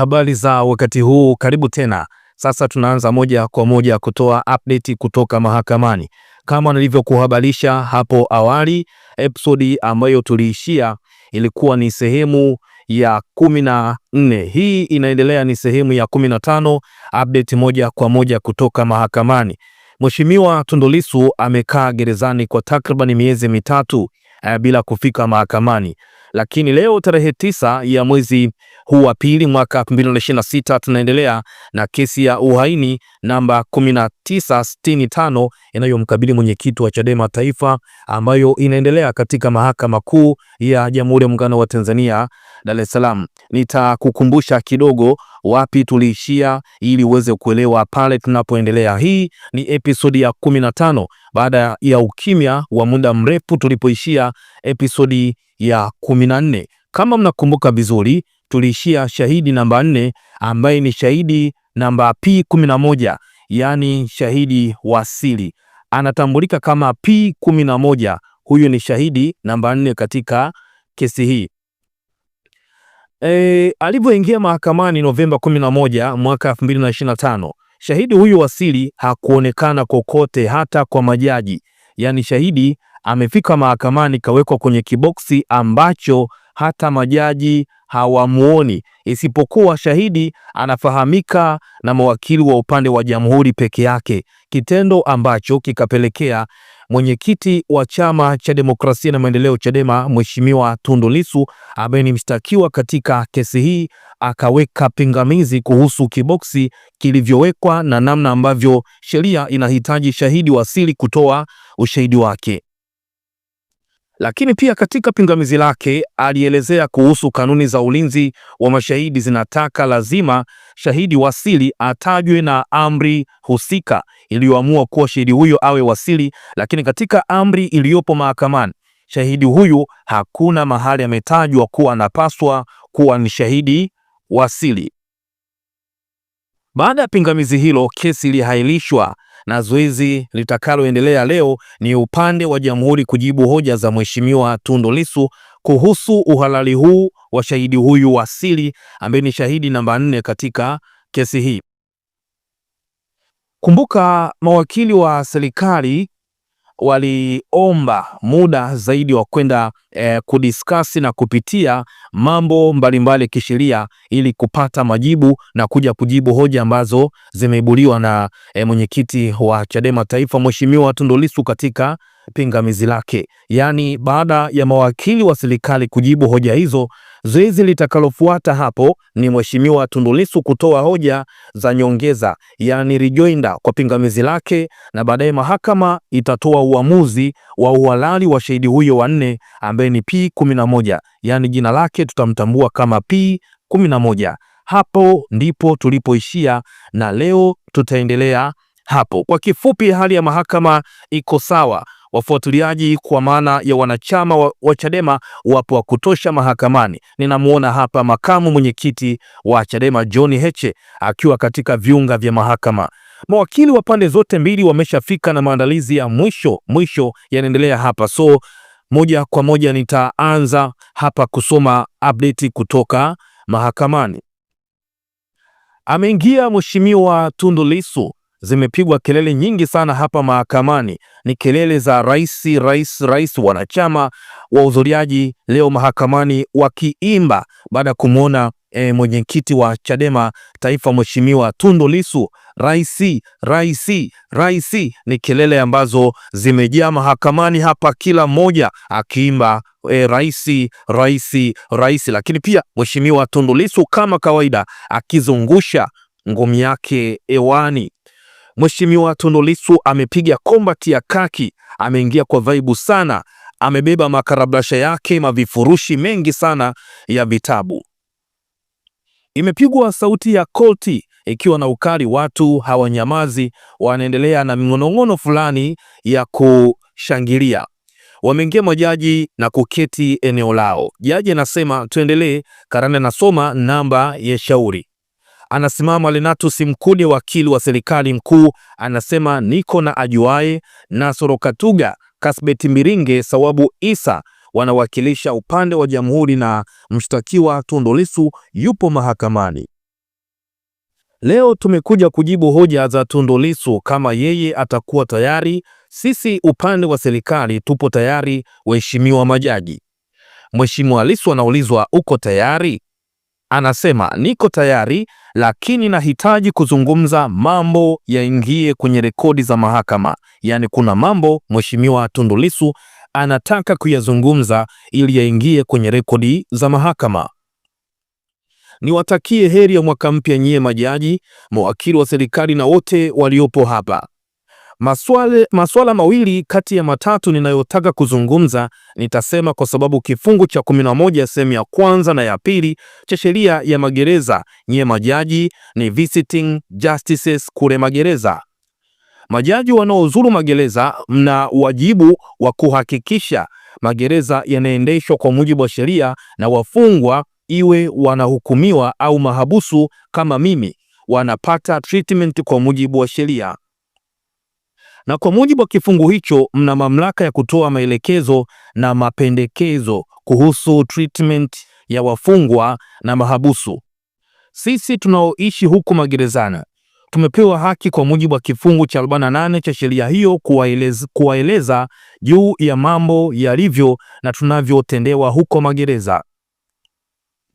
Habari za wakati huu, karibu tena. Sasa tunaanza moja kwa moja kutoa update kutoka mahakamani. Kama nilivyokuhabarisha hapo awali, episodi ambayo tuliishia ilikuwa ni sehemu ya kumi na nne. Hii inaendelea ni sehemu ya kumi na tano, update moja kwa moja kutoka mahakamani. Mheshimiwa Tundu Lissu amekaa gerezani kwa takriban miezi mitatu eh, bila kufika mahakamani, lakini leo tarehe tisa ya mwezi huu wa pili mwaka 2026 tunaendelea na kesi ya uhaini namba 1965 inayomkabili mwenyekiti wa Chadema Taifa ambayo inaendelea katika Mahakama Kuu ya Jamhuri ya Muungano wa Tanzania Dar es Salaam. Nitakukumbusha kidogo wapi tuliishia ili uweze kuelewa pale tunapoendelea. Hii ni episodi ya 15 baada ya ukimya wa muda mrefu tulipoishia episodi ya 14. Kama mnakumbuka vizuri tuliishia shahidi namba nne ambaye ni shahidi namba P11, yaani shahidi wa asili anatambulika kama P11. Huyu ni shahidi namba nne katika kesi hii. E, alivyoingia mahakamani Novemba 11 mwaka 2025, shahidi huyu wa asili hakuonekana kokote hata kwa majaji. Yaani shahidi amefika mahakamani kawekwa kwenye kiboksi ambacho hata majaji hawamuoni, isipokuwa shahidi anafahamika na mawakili wa upande wa jamhuri peke yake, kitendo ambacho kikapelekea mwenyekiti wa Chama cha Demokrasia na Maendeleo Chadema, Mheshimiwa Tundu Lissu ambaye ni mshtakiwa katika kesi hii akaweka pingamizi kuhusu kiboksi kilivyowekwa na namna ambavyo sheria inahitaji shahidi wa asili kutoa ushahidi wake. Lakini pia katika pingamizi lake alielezea kuhusu kanuni za ulinzi wa mashahidi zinataka lazima shahidi wasili atajwe na amri husika iliyoamua kuwa shahidi huyo awe wasili, lakini katika amri iliyopo mahakamani shahidi huyu hakuna mahali ametajwa kuwa anapaswa kuwa ni shahidi wasili. Baada ya pingamizi hilo, kesi ilihailishwa na zoezi litakaloendelea leo ni upande wa jamhuri kujibu hoja za Mheshimiwa Tundu Lissu kuhusu uhalali huu wa shahidi huyu wa asili ambaye ni shahidi namba nne katika kesi hii. Kumbuka mawakili wa serikali waliomba muda zaidi wa kwenda eh, kudiskasi na kupitia mambo mbalimbali ya kisheria ili kupata majibu na kuja kujibu hoja ambazo zimeibuliwa na eh, mwenyekiti wa Chadema Taifa Mheshimiwa Tundu Lissu katika pingamizi lake. Yaani, baada ya mawakili wa serikali kujibu hoja hizo Zoezi litakalofuata hapo ni Mheshimiwa Tundu Lissu kutoa hoja za nyongeza, yaani rejoinder kwa pingamizi lake, na baadaye mahakama itatoa uamuzi wa uhalali wa shahidi huyo wanne ambaye ni P11, yaani jina lake tutamtambua kama P11. Hapo ndipo tulipoishia na leo tutaendelea hapo. Kwa kifupi, hali ya mahakama iko sawa wafuatiliaji kwa maana ya wanachama wa, wa Chadema wapo wa kutosha mahakamani. Ninamwona hapa makamu mwenyekiti wa Chadema John Heche akiwa katika viunga vya mahakama. Mawakili wa pande zote mbili wameshafika na maandalizi ya mwisho mwisho yanaendelea hapa, so moja kwa moja nitaanza hapa kusoma update kutoka mahakamani. Ameingia Mheshimiwa Tundu Lissu zimepigwa kelele nyingi sana hapa mahakamani, ni kelele za rais, rais, rais, wanachama wahudhuriaji leo mahakamani wakiimba baada ya kumwona e, mwenyekiti wa Chadema Taifa Mheshimiwa Tundu Lissu, rais, rais, rais. Ni kelele ambazo zimejaa mahakamani hapa, kila mmoja akiimba E, rais rais rais, lakini pia Mheshimiwa Tundu Lissu kama kawaida akizungusha ngumi yake hewani Mheshimiwa Tundu Lissu amepiga kombati ya kaki, ameingia kwa vaibu sana, amebeba makarablasha yake mavifurushi mengi sana ya vitabu. Imepigwa sauti ya kolti ikiwa na ukali, watu hawanyamazi, wanaendelea na mingonong'ono fulani ya kushangilia. Wameingia majaji na kuketi eneo lao. Jaji anasema tuendelee, karani anasoma namba ya shauri. Anasimama Lenatus Mkude, wakili wa serikali mkuu, anasema niko na ajuae Nasoro Katuga, Kasbeti Mbiringe, Sawabu Isa wanawakilisha upande wa jamhuri na mshtakiwa Tundu Lissu yupo mahakamani. Leo tumekuja kujibu hoja za Tundu Lissu kama yeye atakuwa tayari. Sisi upande wa serikali tupo tayari, waheshimiwa majaji. Mheshimiwa Lissu anaulizwa uko tayari? Anasema niko tayari, lakini nahitaji kuzungumza mambo yaingie kwenye rekodi za mahakama. Yaani kuna mambo mheshimiwa Tundu Lissu anataka kuyazungumza ili yaingie kwenye rekodi za mahakama. Niwatakie heri ya mwaka mpya nyie majaji, mawakili wa serikali na wote waliopo hapa. Maswale, maswala mawili kati ya matatu ninayotaka kuzungumza nitasema kwa sababu kifungu cha 11 sehemu ya kwanza na ya pili cha sheria ya magereza, nyie majaji ni visiting justices kule magereza. Majaji wanaozuru magereza, mna wajibu wa kuhakikisha magereza yanaendeshwa kwa mujibu wa sheria na wafungwa, iwe wanahukumiwa au mahabusu kama mimi, wanapata treatment kwa mujibu wa sheria na kwa mujibu wa kifungu hicho mna mamlaka ya kutoa maelekezo na mapendekezo kuhusu treatment ya wafungwa na mahabusu. Sisi tunaoishi huku magerezani tumepewa haki kwa mujibu wa kifungu cha 48 cha sheria hiyo kuwaeleza, kuwaeleza juu ya mambo yalivyo na tunavyotendewa huko magereza.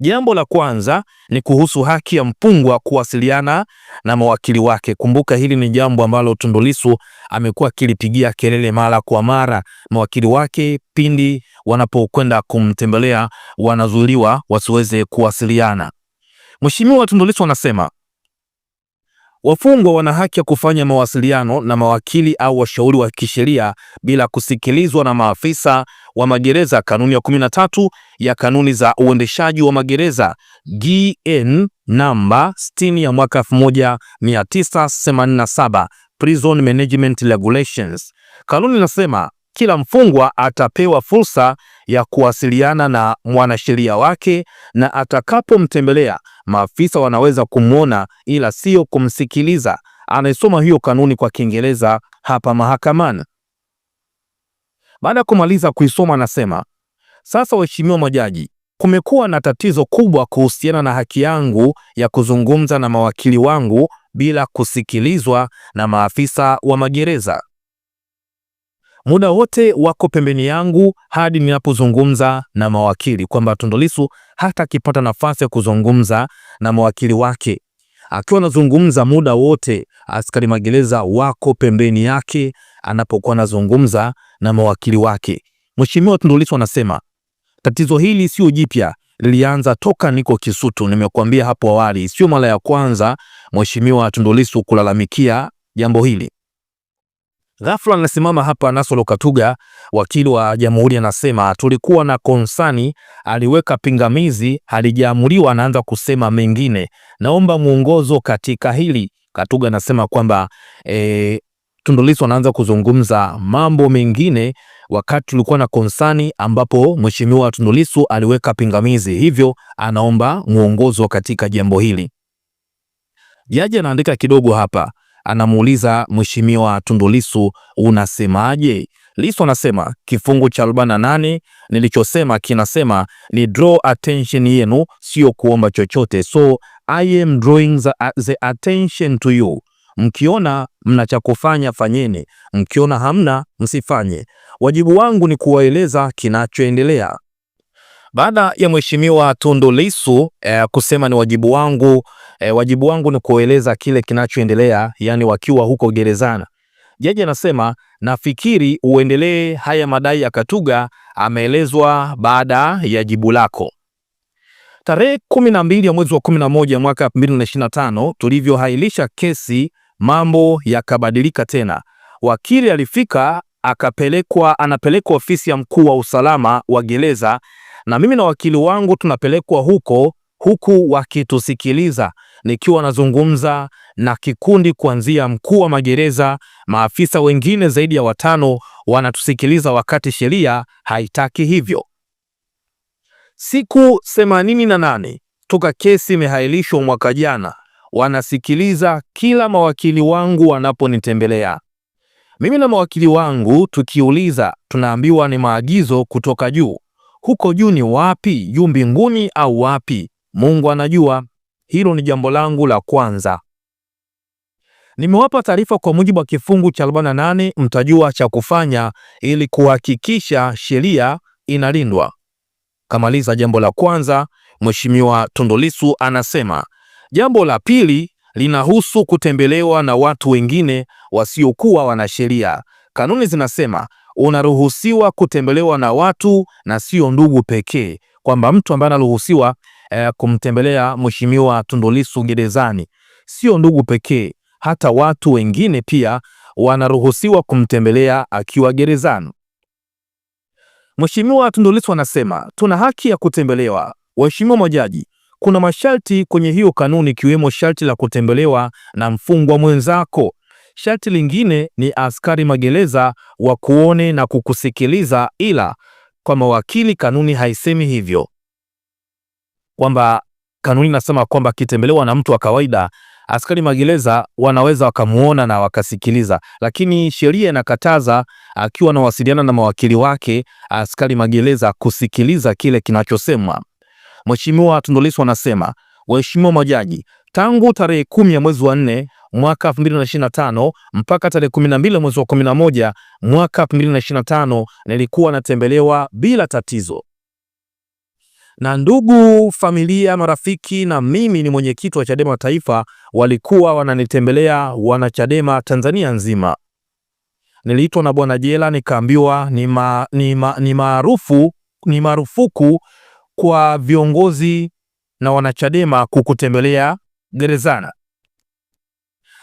Jambo la kwanza ni kuhusu haki ya mpungwa kuwasiliana na mawakili wake. Kumbuka hili ni jambo ambalo Tundu Lissu amekuwa akilipigia kelele mara kwa mara. Mawakili wake pindi wanapokwenda kumtembelea wanazuiliwa wasiweze kuwasiliana. Mheshimiwa Tundu Lissu anasema wafungwa wana haki ya kufanya mawasiliano na mawakili au washauri wa kisheria bila kusikilizwa na maafisa wa magereza, kanuni ya ya kanuni za uendeshaji wa magereza GN namba 60 ya mwaka 1987 Prison Management Regulations. Kanuni inasema kila mfungwa atapewa fursa ya kuwasiliana na mwanasheria wake, na atakapomtembelea maafisa wanaweza kumwona ila sio kumsikiliza. Anaisoma hiyo kanuni kwa Kiingereza hapa mahakamani. Baada ya kumaliza kuisoma, anasema sasa waheshimiwa majaji, kumekuwa na tatizo kubwa kuhusiana na haki yangu ya kuzungumza na mawakili wangu bila kusikilizwa na maafisa wa magereza. Muda wote wako pembeni yangu hadi ninapozungumza na mawakili, kwamba Tundu Lissu hata akipata nafasi ya kuzungumza na mawakili wake akiwa anazungumza muda wote, askari magereza wako pembeni yake anapokuwa anazungumza na mawakili wake. Mheshimiwa Tundu Lissu anasema Tatizo hili sio jipya, lilianza toka niko Kisutu. Nimekuambia hapo awali, sio mara ya kwanza Mheshimiwa Tundu Lissu kulalamikia jambo hili. Ghafla anasimama hapa Nasolo Katuga, wakili wa jamhuri, anasema tulikuwa na konsani, aliweka pingamizi, halijaamuliwa. Anaanza kusema mengine, naomba mwongozo katika hili. Katuga anasema kwamba e, Tundu Lissu anaanza kuzungumza mambo mengine wakati tulikuwa na konsani ambapo mheshimiwa Tundu Lissu aliweka pingamizi, hivyo anaomba mwongozo katika jambo hili. Jaji anaandika kidogo hapa, anamuuliza mheshimiwa Tundu Lissu, unasemaje? Lissu anasema kifungu cha 48 nilichosema kinasema ni draw attention yenu, sio kuomba chochote, so I am drawing the, the attention to you Mkiona mna cha kufanya fanyeni, mkiona hamna msifanye. Wajibu wangu ni kuwaeleza kinachoendelea. Baada ya Mheshimiwa Tundu Lissu eh, kusema ni wajibu wangu eh, wajibu wangu ni kueleza kile kinachoendelea, yani wakiwa huko gerezani. Jaji anasema nafikiri uendelee haya madai ya Katuga ameelezwa baada ya jibu lako. Tarehe 12 ya mwezi wa 11 mwaka 2025 tulivyohailisha kesi Mambo yakabadilika tena. Wakili alifika akapelekwa, anapelekwa ofisi ya mkuu wa usalama wa gereza, na mimi na wakili wangu tunapelekwa huko huku wakitusikiliza nikiwa nazungumza na kikundi kuanzia mkuu wa magereza, maafisa wengine zaidi ya watano wanatusikiliza, wakati sheria haitaki hivyo. Siku 88 toka kesi imehairishwa mwaka jana wanasikiliza kila mawakili wangu wanaponitembelea. Mimi na mawakili wangu tukiuliza, tunaambiwa ni maagizo kutoka juu. Huko juu ni wapi? Juu mbinguni au wapi? Mungu anajua. Hilo ni jambo langu la kwanza. Nimewapa taarifa kwa mujibu wa kifungu cha 48, mtajua cha kufanya ili kuhakikisha sheria inalindwa. Kamaliza jambo la kwanza. Mheshimiwa Tundu Lissu anasema Jambo la pili linahusu kutembelewa na watu wengine wasiokuwa wanasheria. Kanuni zinasema unaruhusiwa kutembelewa na watu na sio ndugu pekee, kwamba mtu ambaye anaruhusiwa eh, kumtembelea Mheshimiwa Tundu Lissu gerezani sio ndugu pekee, hata watu wengine pia wanaruhusiwa kumtembelea akiwa gerezani. Mheshimiwa Tundu Lissu anasema tuna haki ya kutembelewa. Waheshimiwa majaji, kuna masharti kwenye hiyo kanuni, ikiwemo sharti la kutembelewa na mfungwa mwenzako. Sharti lingine ni askari magereza wakuone na kukusikiliza, ila kwa mawakili kanuni haisemi hivyo, kwamba kanuni nasema kwamba akitembelewa na mtu wa kawaida askari magereza wanaweza wakamuona na wakasikiliza, lakini sheria inakataza akiwa anawasiliana na mawakili wake askari magereza kusikiliza kile kinachosemwa. Mheshimiwa Tundu Lissu anasema, waheshimiwa majaji, tangu tarehe kumi ya mwezi wa nne mwaka 2025 mpaka tarehe 12 mwezi wa 11 mwaka 2025 nilikuwa natembelewa bila tatizo na ndugu, familia, marafiki na mimi ni mwenyekiti wa Chadema Taifa, walikuwa wananitembelea wanachadema Tanzania nzima. Niliitwa na bwana jela nikaambiwa ni, ma, ni, ma, ni, maarufu, ni marufuku kwa viongozi na wanachadema kukutembelea gerezana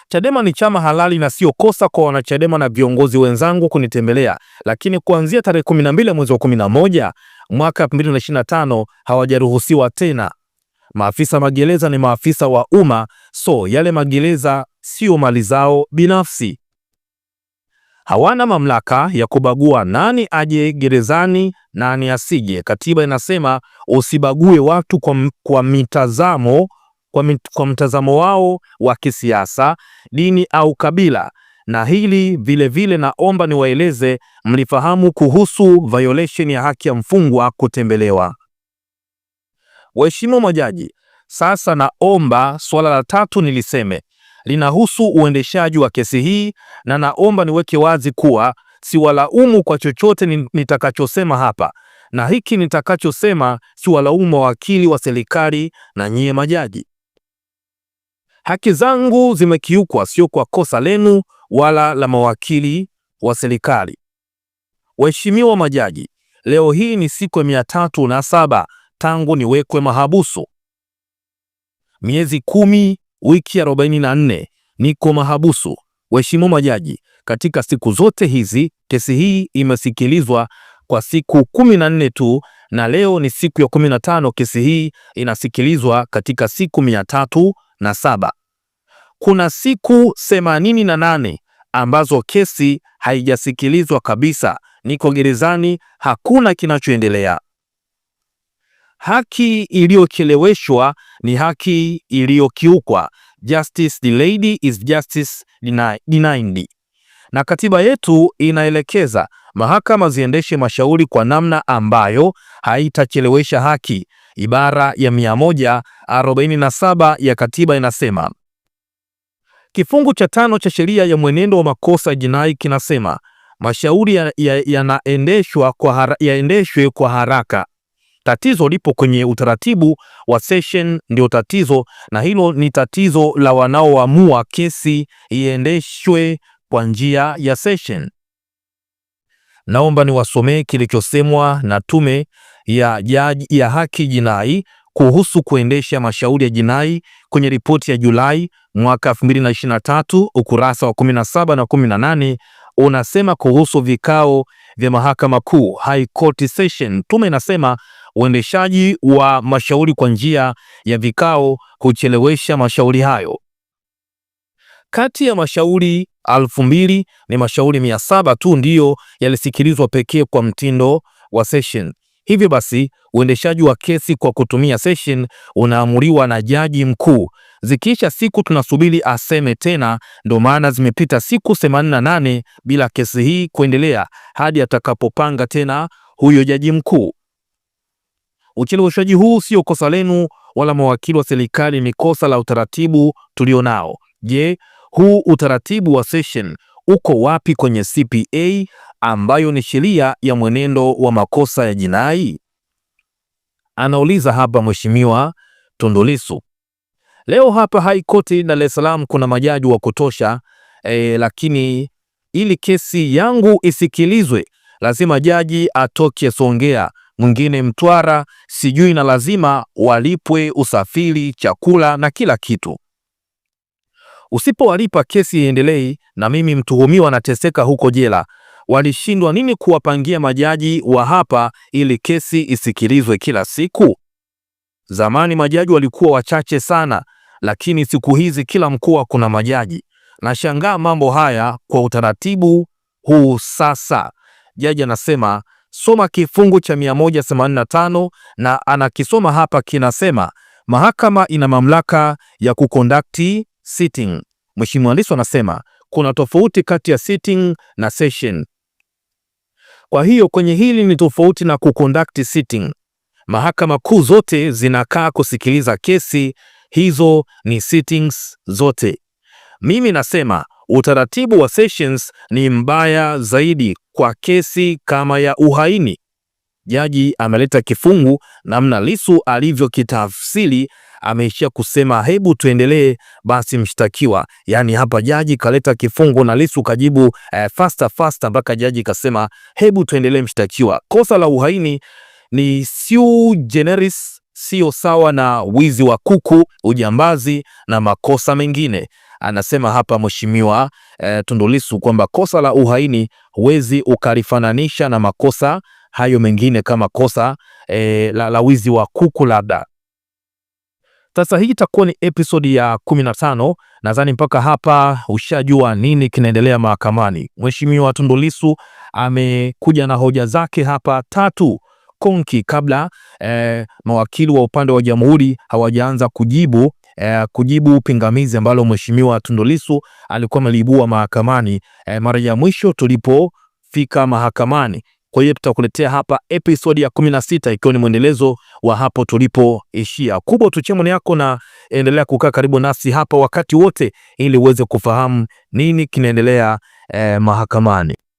Chadema ni chama halali na sio kosa kwa wanachadema na viongozi wenzangu kunitembelea, lakini kuanzia tarehe 12 mwezi wa 11 mwaka 2025 hawajaruhusiwa tena. Maafisa magereza ni maafisa wa umma, so yale magereza sio mali zao binafsi hawana mamlaka ya kubagua nani aje gerezani, nani asije. Katiba inasema usibague watu kwa, kwa mitazamo kwa, mit, kwa mtazamo wao wa kisiasa, dini au kabila. Na hili vilevile vile naomba niwaeleze mlifahamu kuhusu violation ya haki ya mfungwa kutembelewa. Waheshimiwa majaji, sasa naomba suala la tatu niliseme linahusu uendeshaji wa kesi hii, na naomba niweke wazi kuwa siwalaumu kwa chochote nitakachosema hapa, na hiki nitakachosema siwalaumu mawakili wa serikali na nyie majaji. Haki zangu zimekiukwa, sio kwa kosa lenu wala la mawakili wa serikali. Waheshimiwa majaji, leo hii ni siku ya mia tatu na saba tangu niwekwe mahabusu, miezi kumi wiki 44 niko mahabusu. Waheshimiwa majaji, katika siku zote hizi kesi hii imesikilizwa kwa siku kumi na nne tu na leo ni siku ya kumi na tano. Kesi hii inasikilizwa katika siku mia tatu na saba. Kuna siku themanini na nane ambazo kesi haijasikilizwa kabisa. Niko gerezani, hakuna kinachoendelea. Haki iliyocheleweshwa ni haki iliyokiukwa, justice delayed is justice denied. Na katiba yetu inaelekeza mahakama ziendeshe mashauri kwa namna ambayo haitachelewesha haki. Ibara ya 147 ya katiba inasema. Kifungu cha tano cha sheria ya mwenendo wa makosa jinai kinasema mashauri yaendeshwe ya, ya kwa, hara, kwa haraka Tatizo lipo kwenye utaratibu wa session, ndio tatizo, na hilo ni tatizo la wanaoamua kesi iendeshwe kwa njia ya session. Naomba niwasomee kilichosemwa na Tume ya Jaji ya Haki Jinai kuhusu kuendesha mashauri ya jinai kwenye ripoti ya Julai mwaka 2023 ukurasa wa 17 na 18 unasema kuhusu vikao vya mahakama kuu, High Court Session. Tume inasema uendeshaji wa mashauri kwa njia ya vikao kuchelewesha mashauri hayo. Kati ya mashauri elfu mbili ni mashauri mia saba tu ndiyo yalisikilizwa pekee kwa mtindo wa session. Hivyo basi uendeshaji wa kesi kwa kutumia session unaamuliwa na jaji mkuu. Zikiisha siku tunasubiri aseme tena, ndo maana zimepita siku 88 bila kesi hii kuendelea hadi atakapopanga tena huyo jaji mkuu. Ucheleweshaji huu sio kosa lenu wala mawakili wa serikali, ni kosa la utaratibu tulio nao Je, huu utaratibu wa session uko wapi kwenye CPA ambayo ni sheria ya mwenendo wa makosa ya jinai? Anauliza hapa Mheshimiwa Tundu Lissu. Leo hapa High Court Dar es Salaam kuna majaji wa kutosha e, lakini ili kesi yangu isikilizwe lazima jaji atoke Songea mwingine Mtwara, sijui na lazima walipwe usafiri, chakula na kila kitu. Usipowalipa kesi iendelei, na mimi mtuhumiwa nateseka huko jela. Walishindwa nini kuwapangia majaji wa hapa ili kesi isikilizwe kila siku? Zamani majaji walikuwa wachache sana, lakini siku hizi kila mkoa kuna majaji. Nashangaa mambo haya kwa utaratibu huu. Sasa jaji anasema soma kifungu cha 185 na anakisoma hapa, kinasema mahakama ina mamlaka ya kuconduct sitting. Mheshimiwa mwandishi anasema kuna tofauti kati ya sitting na session. Kwa hiyo kwenye hili ni tofauti na kuconduct sitting. Mahakama kuu zote zinakaa kusikiliza kesi, hizo ni sittings zote. Mimi nasema utaratibu wa Sessions ni mbaya zaidi kwa kesi kama ya uhaini. Jaji ameleta kifungu namna Lissu alivyokitafsiri, ameishia kusema hebu tuendelee basi mshtakiwa. Yaani hapa jaji kaleta kifungu na Lissu kajibu eh, faster faster mpaka jaji kasema hebu tuendelee mshtakiwa. Kosa la uhaini ni sui generis, sio sawa na wizi wa kuku, ujambazi na makosa mengine. Anasema hapa mheshimiwa e, Tundu Lissu kwamba kosa la uhaini huwezi ukalifananisha na makosa hayo mengine kama kosa e, la, la wizi wa kuku labda. Sasa hii itakuwa ni episodi ya 15. Nadhani mpaka hapa ushajua nini kinaendelea mahakamani. Mheshimiwa Tundu Lissu amekuja na hoja zake hapa tatu konki kabla eh, mawakili wa upande wa jamhuri hawajaanza kujibu eh, kujibu pingamizi ambalo mheshimiwa Tundu Lissu alikuwa ameliibua mahakamani eh, mara ya mwisho tulipofika mahakamani. Kwa hiyo tutakuletea hapa episodi ya 16 ikiwa ni mwendelezo wa hapo tulipoishia. Kubwa tuchemo yako na endelea kukaa karibu nasi hapa wakati wote ili uweze kufahamu nini kinaendelea eh, mahakamani.